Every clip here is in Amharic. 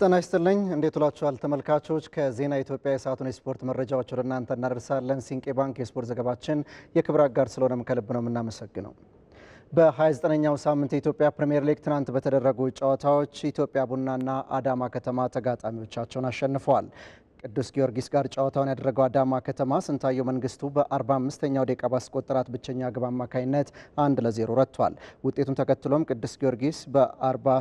ጤና ይስጥልኝ። እንዴት ውላችኋል ተመልካቾች? ከዜና ኢትዮጵያ የሰዓቱን የስፖርት መረጃዎች ወደ እናንተ እናደርሳለን። ሲንቄ ባንክ የስፖርት ዘገባችን የክብር አጋር ስለሆነም ከልብ ነው የምናመሰግነው። በ29ኛው ሳምንት የኢትዮጵያ ፕሪምየር ሊግ ትናንት በተደረጉ ጨዋታዎች ኢትዮጵያ ቡናና አዳማ ከተማ ተጋጣሚዎቻቸውን አሸንፈዋል። ከቅዱስ ጊዮርጊስ ጋር ጨዋታውን ያደረገው አዳማ ከተማ ስንታየው መንግስቱ በ45ኛው ደቂቃ ባስቆጠራት ብቸኛ ግብ አማካይነት አንድ ለዜሮ ረቷል። ውጤቱን ተከትሎም ቅዱስ ጊዮርጊስ በ40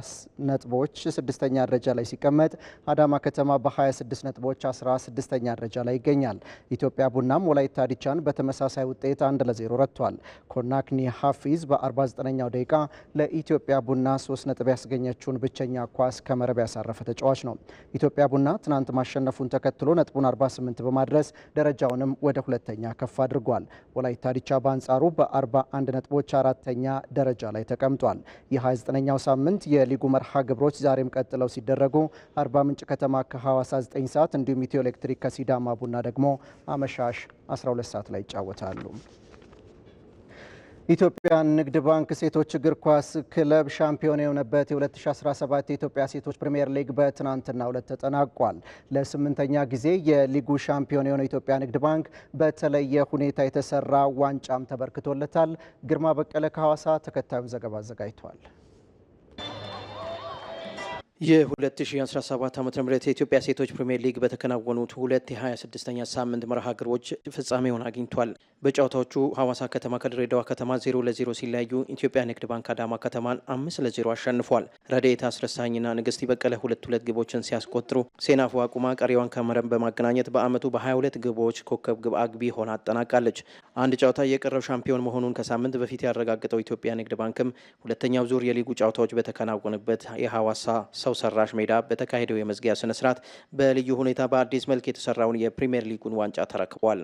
ነጥቦች ስድስተኛ ደረጃ ላይ ሲቀመጥ አዳማ ከተማ በ26 ነጥቦች 16ኛ ደረጃ ላይ ይገኛል። ኢትዮጵያ ቡናም ወላይታ ዲቻን በተመሳሳይ ውጤት አንድ ለዜሮ ረቷል። ኮናክኒ ሀፊዝ በ49ኛው ደቂቃ ለኢትዮጵያ ቡና 3 ነጥብ ያስገኘችውን ብቸኛ ኳስ ከመረብ ያሳረፈ ተጫዋች ነው። ኢትዮጵያ ቡና ትናንት ማሸነፉን ተከትሎ ተከትሎ ነጥቡን 48 በማድረስ ደረጃውንም ወደ ሁለተኛ ከፍ አድርጓል። ወላይታ ዲቻ በአንጻሩ በ41 ነጥቦች አራተኛ ደረጃ ላይ ተቀምጧል። የ29ኛው ሳምንት የሊጉ መርሃ ግብሮች ዛሬም ቀጥለው ሲደረጉ አርባ ምንጭ ከተማ ከሐዋሳ 9 ሰዓት እንዲሁም ኢትዮ ኤሌክትሪክ ከሲዳማ ቡና ደግሞ አመሻሽ 12 ሰዓት ላይ ይጫወታሉ። ኢትዮጵያ ንግድ ባንክ ሴቶች እግር ኳስ ክለብ ሻምፒዮን የሆነበት የ2017 የኢትዮጵያ ሴቶች ፕሪምየር ሊግ በትናንትናው ዕለት ተጠናቋል። ለስምንተኛ ጊዜ የሊጉ ሻምፒዮን የሆነው ኢትዮጵያ ንግድ ባንክ በተለየ ሁኔታ የተሰራ ዋንጫም ተበርክቶለታል። ግርማ በቀለ ከሐዋሳ ተከታዩን ዘገባ አዘጋጅቷል። የ2017 ዓ ም የኢትዮጵያ ሴቶች ፕሪምየር ሊግ በተከናወኑት ሁለት የ26ኛ ሳምንት መርሃ ግብሮች ፍጻሜውን አግኝቷል። በጨዋታዎቹ ሐዋሳ ከተማ ከድሬዳዋ ከተማ 0 ለ0 ሲለያዩ ኢትዮጵያ ንግድ ባንክ አዳማ ከተማን 5 ለ0 አሸንፏል። ረድኤት አስረሳኝና ንግስት በቀለ ሁለት ሁለት ግቦችን ሲያስቆጥሩ ሴናፉ አቁማ ቀሪዋን ከመረብ በማገናኘት በአመቱ በ22 ግቦች ኮከብ ግብ አግቢ ሆና አጠናቃለች። አንድ ጨዋታ የቀረው ሻምፒዮን መሆኑን ከሳምንት በፊት ያረጋግጠው ኢትዮጵያ ንግድ ባንክም ሁለተኛው ዙር የሊጉ ጨዋታዎች በተከናወነበት የሐዋሳ ሰው ሰው ሰራሽ ሜዳ በተካሄደው የመዝጊያ ስነ ስርዓት በልዩ ሁኔታ በአዲስ መልክ የተሰራውን የፕሪምየር ሊጉን ዋንጫ ተረክቧል።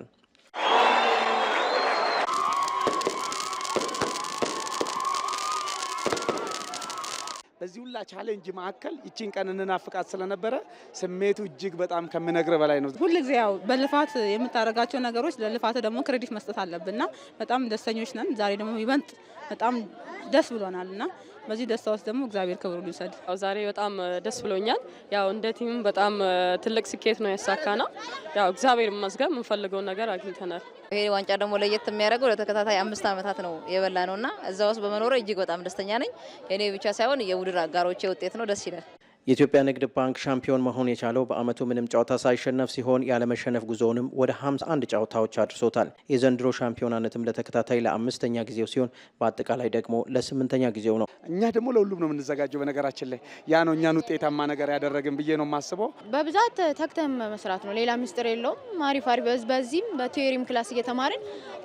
በዚህ ሁላ ቻሌንጅ መካከል ይችን ቀን እንናፍቃት ስለነበረ ስሜቱ እጅግ በጣም ከምነግር በላይ ነው። ሁል ጊዜ ያው በልፋት የምታደርጋቸው ነገሮች ለልፋት ደግሞ ክሬዲት መስጠት አለብንና በጣም ደስተኞች ነን። ዛሬ ደግሞ ይበንጥ በጣም ደስ ብሎናል እና በዚህ ደስታ ውስጥ ደግሞ እግዚአብሔር ክብሩን ይውሰድ። ያው ዛሬ በጣም ደስ ብሎኛል። ያው እንደ ቲምም በጣም ትልቅ ስኬት ነው ያሳካ ነው። ያው እግዚአብሔር ይመስገን የምንፈልገውን ነገር አግኝተናል። ይሄ ዋንጫ ደግሞ ለየት የሚያደርገው ለተከታታይ አምስት ዓመታት ነው የበላ እና እዛ ውስጥ በመኖረ እጅግ በጣም ደስተኛ ነኝ። የኔ ብቻ ሳይሆን የቡድን አጋሮቼ ውጤት ነው። ደስ ይላል። የኢትዮጵያ ንግድ ባንክ ሻምፒዮን መሆን የቻለው በዓመቱ ምንም ጨዋታ ሳይሸነፍ ሲሆን ያለመሸነፍ ጉዞውንም ወደ 51 ጨዋታዎች አድርሶታል። የዘንድሮ ሻምፒዮናነትም ለተከታታይ ለአምስተኛ ጊዜው ሲሆን በአጠቃላይ ደግሞ ለስምንተኛ ጊዜው ነው። እኛ ደግሞ ለሁሉም ነው የምንዘጋጀው። በነገራችን ላይ ያ ነው እኛን ውጤታማ ነገር ያደረግን ብዬ ነው የማስበው። በብዛት ተክተም መስራት ነው፣ ሌላ ምስጢር የለውም። አሪፍ አሪፍ በዚህም በቲዮሪም ክላስ እየተማርን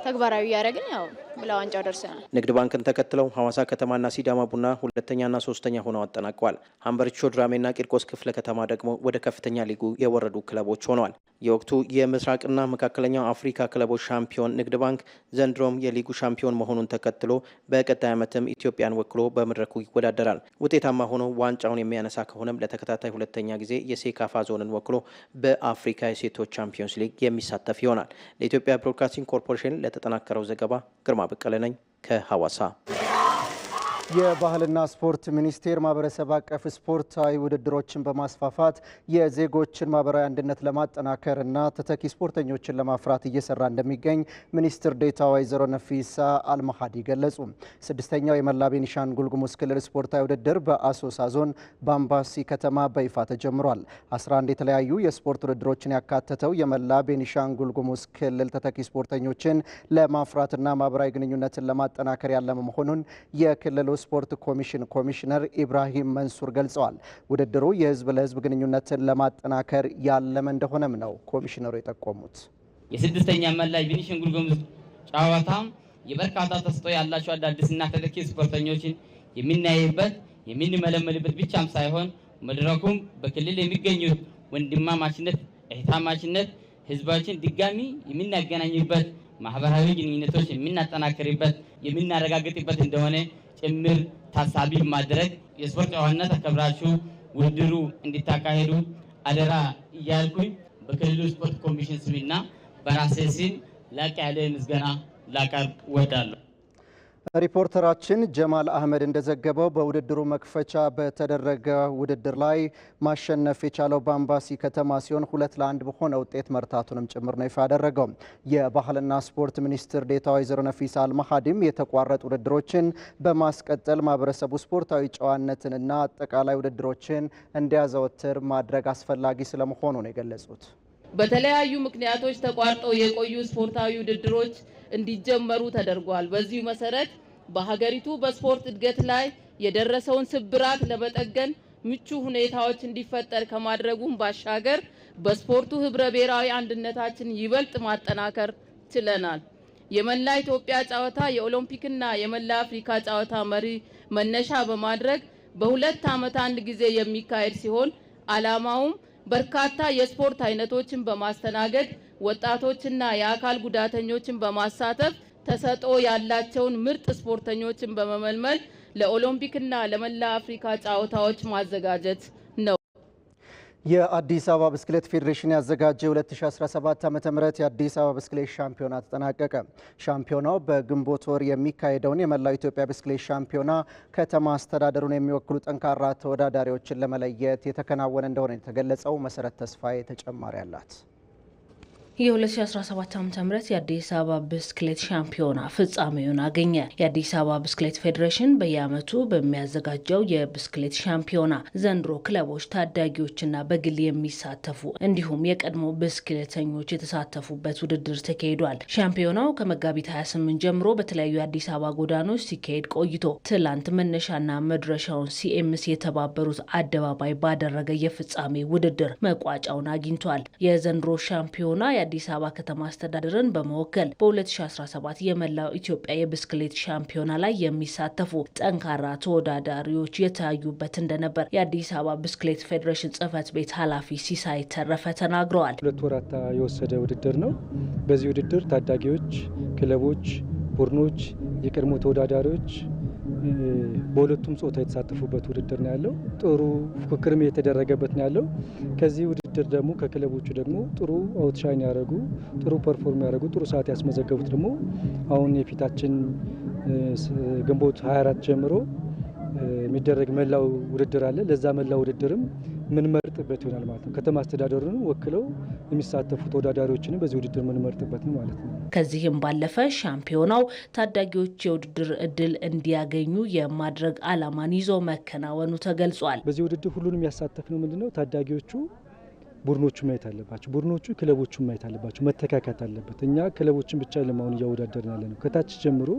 ተግባራዊ እያደረግን ያው ለዋንጫው ደርሰናል። ንግድ ባንክን ተከትለው ሐዋሳ ከተማና ሲዳማ ቡና ሁለተኛና ሶስተኛ ሆነው አጠናቀዋል። ሀምበርቾ ድራ ቅዳሜና ቂርቆስ ክፍለ ከተማ ደግሞ ወደ ከፍተኛ ሊጉ የወረዱ ክለቦች ሆነዋል። የወቅቱ የምስራቅና መካከለኛው አፍሪካ ክለቦች ሻምፒዮን ንግድ ባንክ ዘንድሮም የሊጉ ሻምፒዮን መሆኑን ተከትሎ በቀጣይ ዓመትም ኢትዮጵያን ወክሎ በመድረኩ ይወዳደራል። ውጤታማ ሆኖ ዋንጫውን የሚያነሳ ከሆነም ለተከታታይ ሁለተኛ ጊዜ የሴካፋ ዞንን ወክሎ በአፍሪካ የሴቶች ቻምፒዮንስ ሊግ የሚሳተፍ ይሆናል። ለኢትዮጵያ ብሮድካስቲንግ ኮርፖሬሽን ለተጠናከረው ዘገባ ግርማ በቀለ ነኝ ከሐዋሳ የባህልና ስፖርት ሚኒስቴር ማህበረሰብ አቀፍ ስፖርታዊ ውድድሮችን በማስፋፋት የዜጎችን ማህበራዊ አንድነት ለማጠናከር እና ተተኪ ስፖርተኞችን ለማፍራት እየሰራ እንደሚገኝ ሚኒስትር ዴታ ወይዘሮ ነፊሳ አልመሃዲ ገለጹ። ስድስተኛው የመላ ቤኒሻንጉል ጉሙዝ ክልል ስፖርታዊ ውድድር በአሶሳ ዞን ባምባሲ ከተማ በይፋ ተጀምሯል። 11 የተለያዩ የስፖርት ውድድሮችን ያካተተው የመላ ቤኒሻንጉል ጉሙዝ ክልል ተተኪ ስፖርተኞችን ለማፍራትና ማህበራዊ ግንኙነትን ለማጠናከር ያለመ መሆኑን የክልሉ ስፖርት ኮሚሽን ኮሚሽነር ኢብራሂም መንሱር ገልጸዋል። ውድድሩ የህዝብ ለህዝብ ግንኙነትን ለማጠናከር ያለመ እንደሆነም ነው ኮሚሽነሩ የጠቆሙት። የስድስተኛ መላ ቤኒሻንጉል ጉሙዝ ጨዋታም የበርካታ ተስጦ ያላቸው አዳዲስና ተተኪ ስፖርተኞችን የምናይበት የምንመለመልበት ብቻም ሳይሆን መድረኩም በክልል የሚገኙት ወንድማማችነት፣ እህታማችነት ህዝባችን ድጋሚ የምናገናኝበት ማህበራዊ ግንኙነቶች የምናጠናክርበት የምናረጋግጥበት እንደሆነ ጭምር ታሳቢ ማድረግ የስፖርት ጨዋነት አከብራችሁ ውድድሩ እንዲታካሄዱ አደራ እያልኩኝ በክልሉ ስፖርት ኮሚሽን ስሚና በራሴ ስም ላቅ ያለ ምስጋና ላቀርብ እወዳለሁ። ሪፖርተራችን ጀማል አህመድ እንደዘገበው በውድድሩ መክፈቻ በተደረገ ውድድር ላይ ማሸነፍ የቻለው በአምባሲ ከተማ ሲሆን ሁለት ለአንድ በሆነ ውጤት መርታቱንም ጭምር ነው ይፋ ያደረገው። የባህልና ስፖርት ሚኒስትር ዴታ ወይዘሮ ነፊሳ አልመሀዲም የተቋረጡ ውድድሮችን በማስቀጠል ማህበረሰቡ ስፖርታዊ ጨዋነትንና አጠቃላይ ውድድሮችን እንዲያዘወትር ማድረግ አስፈላጊ ስለመሆኑ ነው የገለጹት። በተለያዩ ምክንያቶች ተቋርጠው የቆዩ ስፖርታዊ ውድድሮች እንዲጀመሩ ተደርጓል። በዚሁ መሰረት በሀገሪቱ በስፖርት እድገት ላይ የደረሰውን ስብራት ለመጠገን ምቹ ሁኔታዎች እንዲፈጠር ከማድረጉም ባሻገር በስፖርቱ ህብረ ብሔራዊ አንድነታችን ይበልጥ ማጠናከር ችለናል። የመላ ኢትዮጵያ ጨዋታ የኦሎምፒክና የመላ አፍሪካ ጨዋታ መሪ መነሻ በማድረግ በሁለት ዓመት አንድ ጊዜ የሚካሄድ ሲሆን ዓላማውም በርካታ የስፖርት አይነቶችን በማስተናገድ ወጣቶችና የአካል ጉዳተኞችን በማሳተፍ ተሰጥኦ ያላቸውን ምርጥ ስፖርተኞችን በመመልመል ለኦሎምፒክና ለመላ አፍሪካ ጨዋታዎች ማዘጋጀት የአዲስ አበባ ብስክሌት ፌዴሬሽን ያዘጋጀ 2017 ዓ ም የአዲስ አበባ ብስክሌት ሻምፒዮና ተጠናቀቀ። ሻምፒዮናው በግንቦት ወር የሚካሄደውን የመላው ኢትዮጵያ ብስክሌት ሻምፒዮና ከተማ አስተዳደሩን የሚወክሉ ጠንካራ ተወዳዳሪዎችን ለመለየት የተከናወነ እንደሆነ የተገለጸው መሰረት ተስፋዬ ተጨማሪ አላት። የ2017 ዓ ም የአዲስ አበባ ብስክሌት ሻምፒዮና ፍጻሜውን አገኘ። የአዲስ አበባ ብስክሌት ፌዴሬሽን በየዓመቱ በሚያዘጋጀው የብስክሌት ሻምፒዮና ዘንድሮ ክለቦች፣ ታዳጊዎችና በግል የሚሳተፉ እንዲሁም የቀድሞ ብስክሌተኞች የተሳተፉበት ውድድር ተካሂዷል። ሻምፒዮናው ከመጋቢት 28 ጀምሮ በተለያዩ የአዲስ አበባ ጎዳኖች ሲካሄድ ቆይቶ ትላንት መነሻና መድረሻውን ሲኤምሲ የተባበሩት አደባባይ ባደረገ የፍጻሜ ውድድር መቋጫውን አግኝቷል። የዘንድሮ ሻምፒዮና የአዲስ አበባ ከተማ አስተዳደርን በመወከል በ2017 የመላው ኢትዮጵያ የብስክሌት ሻምፒዮና ላይ የሚሳተፉ ጠንካራ ተወዳዳሪዎች የተያዩበት እንደነበር የአዲስ አበባ ብስክሌት ፌዴሬሽን ጽህፈት ቤት ኃላፊ ሲሳይ ተረፈ ተናግረዋል። ሁለት ወራት የወሰደ ውድድር ነው። በዚህ ውድድር ታዳጊዎች፣ ክለቦች፣ ቡድኖች፣ የቀድሞ ተወዳዳሪዎች በሁለቱም ጾታ የተሳተፉበት ውድድር ነው ያለው። ጥሩ ፉክክርም የተደረገበት ነው ያለው። ከዚህ ውድድር ደግሞ ከክለቦቹ ደግሞ ጥሩ አውትሻይን ያደረጉ ጥሩ ፐርፎርም ያደረጉ ጥሩ ሰዓት ያስመዘገቡት ደግሞ አሁን የፊታችን ግንቦት 24 ጀምሮ የሚደረግ መላው ውድድር አለ። ለዛ መላው ውድድርም ምን የምንመርጥበት ይሆናል ማለት ነው። ከተማ አስተዳደሩን ወክለው የሚሳተፉ ተወዳዳሪዎችንም በዚህ ውድድር የምንመርጥበት ነው ማለት ነው። ከዚህም ባለፈ ሻምፒዮናው ታዳጊዎች የውድድር እድል እንዲያገኙ የማድረግ አላማን ይዞ መከናወኑ ተገልጿል። በዚህ ውድድር ሁሉንም ያሳተፍ ነው ምንድነው ታዳጊዎቹ ቡድኖቹ ማየት አለባቸው። ቡድኖቹ ክለቦቹ ማየት አለባቸው። መተካካት አለበት። እኛ ክለቦችን ብቻ ለማሆን እያወዳደርን ያለ ነው። ከታች ጀምሮ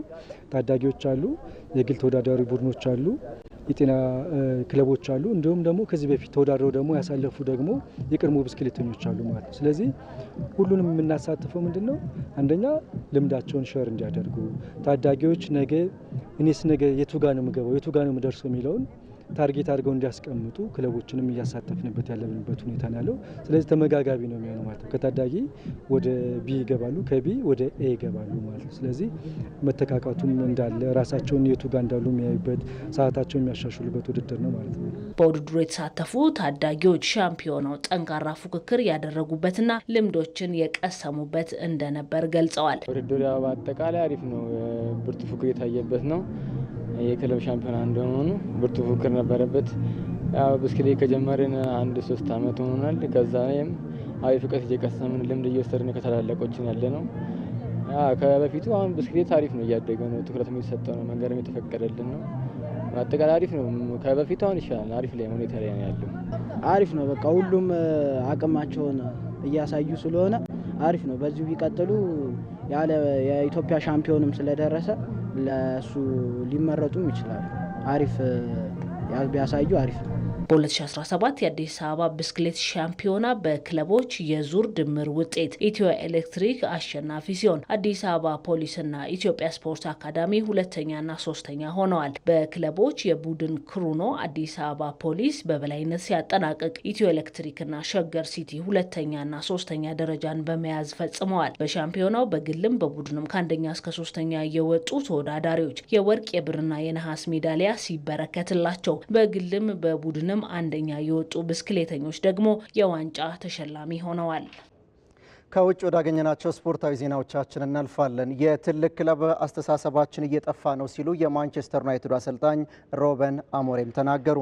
ታዳጊዎች አሉ፣ የግል ተወዳዳሪ ቡድኖች አሉ፣ የጤና ክለቦች አሉ። እንዲሁም ደግሞ ከዚህ በፊት ተወዳድረው ደግሞ ያሳለፉ ደግሞ የቀድሞ ብስክሌተኞች አሉ ማለት ነው። ስለዚህ ሁሉንም የምናሳትፈው ምንድን ነው? አንደኛ ልምዳቸውን ሸር እንዲያደርጉ ታዳጊዎች ነገ እኔስ ነገ ጋ ነው የምገባው ጋ ነው የምደርሰው የሚለውን ታርጌት አድርገው እንዲያስቀምጡ ክለቦችንም እያሳተፍንበት ያለንበት ሁኔታ ነው ያለው። ስለዚህ ተመጋጋቢ ነው የሚሆነው ማለት ነው። ከታዳጊ ወደ ቢ ይገባሉ፣ ከቢ ወደ ኤ ይገባሉ ማለት ነው። ስለዚህ መተካካቱም እንዳለ ራሳቸውን የቱ ጋር እንዳሉ የሚያዩበት ሰዓታቸውን የሚያሻሽሉበት ውድድር ነው ማለት ነው። በውድድሩ የተሳተፉ ታዳጊዎች ሻምፒዮናው ጠንካራ ፉክክር ያደረጉበትና ልምዶችን የቀሰሙበት እንደነበር ገልጸዋል። ውድድሩ በአጠቃላይ አሪፍ ነው፣ ብርቱ ፉክክር የታየበት ነው። የክለብ ሻምፒዮና እንደመሆኑ ብርቱ ፉክክር ነበረበት። ብስክሌት ከጀመርን አንድ ሶስት አመት ሆኗል። ከዛ ላይም አሪፍ እውቀት እየቀሰምን ልምድ እየወሰድን ከተላለቆችን ያለ ነው። ከበፊቱ አሁን ብስክሌት አሪፍ ነው፣ እያደገ ነው፣ ትኩረት የሚሰጠው ነው፣ መንገድ የተፈቀደልን ነው። አጠቃላይ አሪፍ ነው። ከበፊቱ አሁን ይሻላል። አሪፍ ላይ ሁኔታ ላይ ነው ያለው። አሪፍ ነው። በቃ ሁሉም አቅማቸውን እያሳዩ ስለሆነ አሪፍ ነው። በዚሁ ቢቀጥሉ ያለ የኢትዮጵያ ሻምፒዮንም ስለደረሰ ለእሱ ሊመረጡም ይችላሉ። አሪፍ ቢያሳዩ አሪፍ ነው። በ2017 የአዲስ አበባ ብስክሌት ሻምፒዮና በክለቦች የዙር ድምር ውጤት ኢትዮ ኤሌክትሪክ አሸናፊ ሲሆን አዲስ አበባ ፖሊስና ኢትዮጵያ ስፖርት አካዳሚ ሁለተኛና ሶስተኛ ሆነዋል። በክለቦች የቡድን ክሩኖ አዲስ አበባ ፖሊስ በበላይነት ሲያጠናቅቅ፣ ኢትዮ ኤሌክትሪክና ሸገር ሲቲ ሁለተኛና ሶስተኛ ደረጃን በመያዝ ፈጽመዋል። በሻምፒዮናው በግልም በቡድንም ከአንደኛ እስከ ሶስተኛ የወጡ ተወዳዳሪዎች የወርቅ የብርና የነሐስ ሜዳሊያ ሲበረከትላቸው በግልም በቡድንም በዓለም አንደኛ የወጡ ብስክሌተኞች ደግሞ የዋንጫ ተሸላሚ ሆነዋል። ከውጭ ወዳገኘናቸው ስፖርታዊ ዜናዎቻችን እናልፋለን። የትልቅ ክለብ አስተሳሰባችን እየጠፋ ነው ሲሉ የማንቸስተር ዩናይትዱ አሰልጣኝ ሮበን አሞሬም ተናገሩ።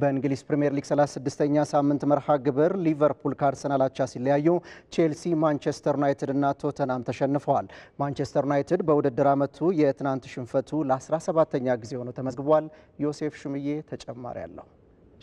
በእንግሊዝ ፕሪምየር ሊግ 36ኛ ሳምንት መርሃ ግብር ሊቨርፑል ከአርሰናል አቻ ሲለያዩ፣ ቼልሲ፣ ማንቸስተር ዩናይትድ እና ቶተናም ተሸንፈዋል። ማንቸስተር ዩናይትድ በውድድር ዓመቱ የትናንት ሽንፈቱ ለ17ኛ ጊዜ ሆኖ ተመዝግቧል። ዮሴፍ ሹምዬ ተጨማሪ አለው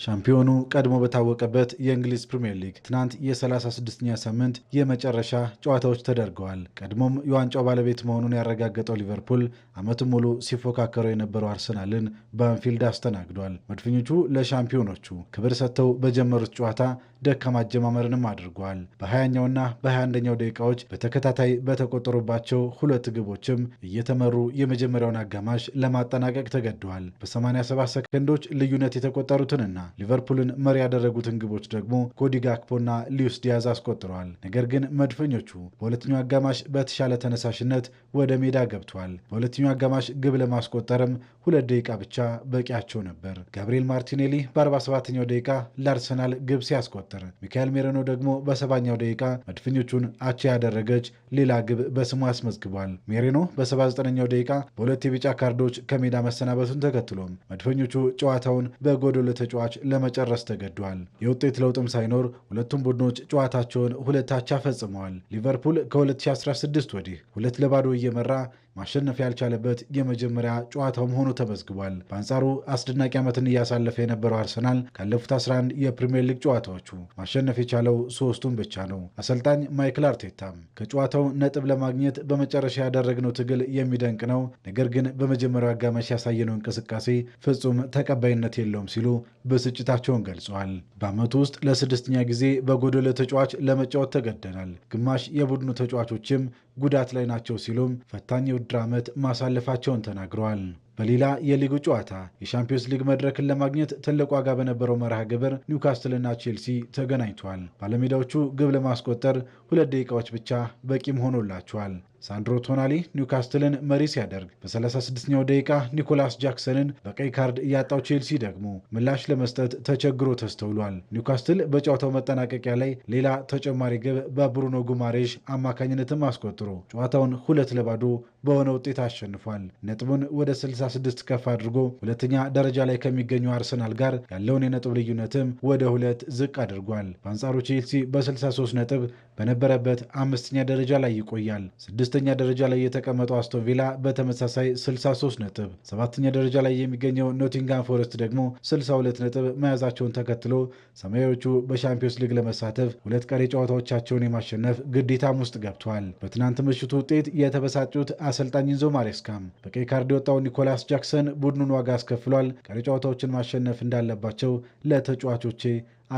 ሻምፒዮኑ ቀድሞ በታወቀበት የእንግሊዝ ፕሪምየር ሊግ ትናንት የ36ኛ ሳምንት የመጨረሻ ጨዋታዎች ተደርገዋል። ቀድሞም የዋንጫው ባለቤት መሆኑን ያረጋገጠው ሊቨርፑል ዓመቱን ሙሉ ሲፎካከረው የነበረው አርሰናልን በአንፊልድ አስተናግዷል። መድፈኞቹ ለሻምፒዮኖቹ ክብር ሰጥተው በጀመሩት ጨዋታ ደካማ አጀማመርንም አድርጓል። በ20ኛውና በ21ኛው ደቂቃዎች በተከታታይ በተቆጠሩባቸው ሁለት ግቦችም እየተመሩ የመጀመሪያውን አጋማሽ ለማጠናቀቅ ተገደዋል። በ87 ሰከንዶች ልዩነት የተቆጠሩትንና ሊቨርፑልን መሪ ያደረጉትን ግቦች ደግሞ ኮዲ ጋክፖና ሊዩስ ዲያዝ አስቆጥረዋል። ነገር ግን መድፈኞቹ በሁለተኛው አጋማሽ በተሻለ ተነሳሽነት ወደ ሜዳ ገብቷል። በሁለተኛው አጋማሽ ግብ ለማስቆጠርም ሁለት ደቂቃ ብቻ በቂያቸው ነበር። ጋብሪኤል ማርቲኔሊ በ47ኛው ደቂቃ ለአርሰናል ግብ ሲያስቆጥ ተቆጠረ። ሚካኤል ሜሬኖ ደግሞ በሰባኛው ደቂቃ መድፈኞቹን አቻ ያደረገች ሌላ ግብ በስሙ አስመዝግቧል። ሜሬኖ በ79ኛው ደቂቃ በሁለት የቢጫ ካርዶች ከሜዳ መሰናበቱን ተከትሎም መድፈኞቹ ጨዋታውን በጎዶሎ ተጫዋች ለመጨረስ ተገዷል። የውጤት ለውጥም ሳይኖር ሁለቱም ቡድኖች ጨዋታቸውን ሁለት አቻ ፈጽመዋል። ሊቨርፑል ከ2016 ወዲህ ሁለት ለባዶ እየመራ ማሸነፍ ያልቻለበት የመጀመሪያ ጨዋታው መሆኑ ተመዝግቧል። በአንጻሩ አስደናቂ ዓመትን እያሳለፈ የነበረው አርሰናል ካለፉት 11 የፕሪምየር ሊግ ጨዋታዎቹ ማሸነፍ የቻለው ሶስቱን ብቻ ነው። አሰልጣኝ ማይክል አርቴታም ከጨዋታው ነጥብ ለማግኘት በመጨረሻ ያደረግነው ትግል የሚደንቅ ነው፣ ነገር ግን በመጀመሪያው አጋማሽ ያሳየነው እንቅስቃሴ ፍጹም ተቀባይነት የለውም ሲሉ ብስጭታቸውን ገልጸዋል። በዓመቱ ውስጥ ለስድስተኛ ጊዜ በጎደለ ተጫዋች ለመጫወት ተገደናል። ግማሽ የቡድኑ ተጫዋቾችም ጉዳት ላይ ናቸው ሲሉም ፈታኝ የውድድር ዓመት ማሳለፋቸውን ተናግረዋል። በሌላ የሊጉ ጨዋታ የሻምፒዮንስ ሊግ መድረክን ለማግኘት ትልቅ ዋጋ በነበረው መርሃ ግብር ኒውካስትልና ቼልሲ ተገናኝቷል። ባለሜዳዎቹ ግብ ለማስቆጠር ሁለት ደቂቃዎች ብቻ በቂም ሆኖላቸዋል። ሳንድሮ ቶናሊ ኒውካስትልን መሪ ሲያደርግ በ36ኛው ደቂቃ ኒኮላስ ጃክሰንን በቀይ ካርድ እያጣው ቼልሲ ደግሞ ምላሽ ለመስጠት ተቸግሮ ተስተውሏል። ኒውካስትል በጨዋታው መጠናቀቂያ ላይ ሌላ ተጨማሪ ግብ በብሩኖ ጉማሬዥ አማካኝነትም አስቆጥሮ ጨዋታውን ሁለት ለባዶ በሆነ ውጤት አሸንፏል። ነጥቡን ወደ 66 ከፍ አድርጎ ሁለተኛ ደረጃ ላይ ከሚገኘው አርሰናል ጋር ያለውን የነጥብ ልዩነትም ወደ ሁለት ዝቅ አድርጓል። በአንጻሩ ቼልሲ በ63 ነጥብ በነበረበት አምስተኛ ደረጃ ላይ ይቆያል። ስድስት ስድስተኛ ደረጃ ላይ የተቀመጠው አስቶን ቪላ በተመሳሳይ 63 ነጥብ፣ ሰባተኛ ደረጃ ላይ የሚገኘው ኖቲንጋም ፎረስት ደግሞ 62 ነጥብ መያዛቸውን ተከትሎ ሰማያዎቹ በሻምፒዮንስ ሊግ ለመሳተፍ ሁለት ቀሪ ጨዋታዎቻቸውን የማሸነፍ ግዴታም ውስጥ ገብቷል። በትናንት ምሽቱ ውጤት የተበሳጩት አሰልጣኝ ኢንዞ ማሬስካም በቀይ ካርድ የወጣው ኒኮላስ ጃክሰን ቡድኑን ዋጋ አስከፍሏል፣ ቀሪ ጨዋታዎችን ማሸነፍ እንዳለባቸው ለተጫዋቾቼ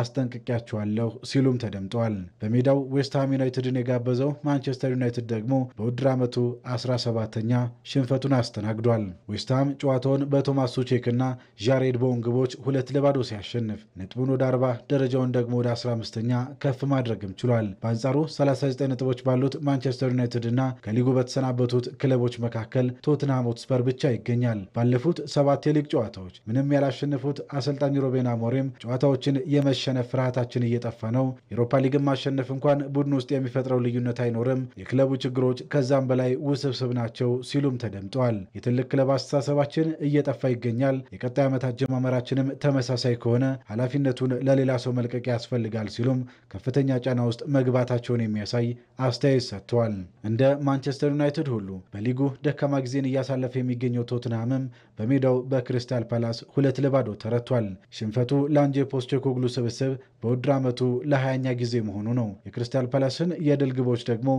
አስጠንቅቂያቸዋለሁ ሲሉም ተደምጠዋል። በሜዳው ዌስትሃም ዩናይትድን የጋበዘው ማንቸስተር ዩናይትድ ደግሞ በውድድር ዓመቱ 17ተኛ ሽንፈቱን አስተናግዷል። ዌስትሃም ጨዋታውን በቶማስ ሱቼክና ዣሬድ ቦወን ግቦች ሁለት ለባዶ ሲያሸንፍ ነጥቡን ወደ 40 ደረጃውን ደግሞ ወደ 15 ተኛ ከፍ ማድረግም ችሏል። በአንጻሩ 39 ነጥቦች ባሉት ማንቸስተር ዩናይትድ ና ከሊጉ በተሰናበቱት ክለቦች መካከል ቶትንሃም ሆትስፐር ብቻ ይገኛል። ባለፉት ሰባት የሊግ ጨዋታዎች ምንም ያላሸነፉት አሰልጣኝ ሩበን አሞሪም ጨዋታዎችን የመ የመሸነፍ ፍርሃታችን እየጠፋ ነው። የአውሮፓ ሊግን ማሸነፍ እንኳን ቡድን ውስጥ የሚፈጥረው ልዩነት አይኖርም። የክለቡ ችግሮች ከዛም በላይ ውስብስብ ናቸው ሲሉም ተደምጠዋል። የትልቅ ክለብ አስተሳሰባችን እየጠፋ ይገኛል። የቀጣይ ዓመት አጀማመራችንም ተመሳሳይ ከሆነ ኃላፊነቱን ለሌላ ሰው መልቀቅ ያስፈልጋል ሲሉም ከፍተኛ ጫና ውስጥ መግባታቸውን የሚያሳይ አስተያየት ሰጥተዋል። እንደ ማንቸስተር ዩናይትድ ሁሉ በሊጉ ደካማ ጊዜን እያሳለፈ የሚገኘው ቶትንሃምም በሜዳው በክሪስታል ፓላስ ሁለት ለባዶ ተረቷል። ሽንፈቱ ለአንጄ ፖስቴኮግሉ ስብስብ በውድድር ዓመቱ ለሀያኛ ጊዜ መሆኑ ነው። የክሪስታል ፓላስን የድል ግቦች ደግሞ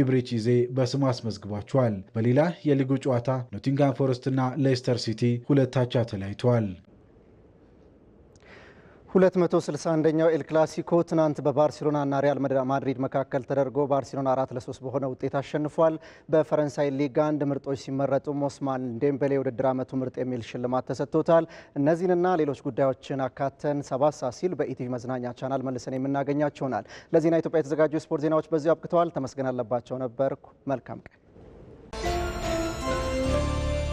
ኢብሪች ይዜ በስሙ አስመዝግቧቸዋል። በሌላ የሊጉ ጨዋታ ኖቲንጋም ፎረስትና ሌስተር ሲቲ ሁለታቻ ተለያይተዋል። 261ኛው ኤል ክላሲኮ ትናንት በባርሴሎናና ሪያል ማድሪድ መካከል ተደርጎ ባርሴሎና አራት ለሶስት በሆነ ውጤት አሸንፏል። በፈረንሳይ ሊግ አንድ ምርጦች ሲመረጡ ኦስማን ዴምቤሌ ውድድር ዓመቱ ምርጥ የሚል ሽልማት ተሰጥቶታል። እነዚህንና ሌሎች ጉዳዮችን አካተን ሰባት ሰዓት ሲል በኢቲቪ መዝናኛ ቻናል መልሰን የምናገኛቸውናል። ለዜና ኢትዮጵያ የተዘጋጁ የስፖርት ዜናዎች በዚሁ አብቅተዋል። ተመስገን አለባቸው ነበርኩ። መልካም ቀን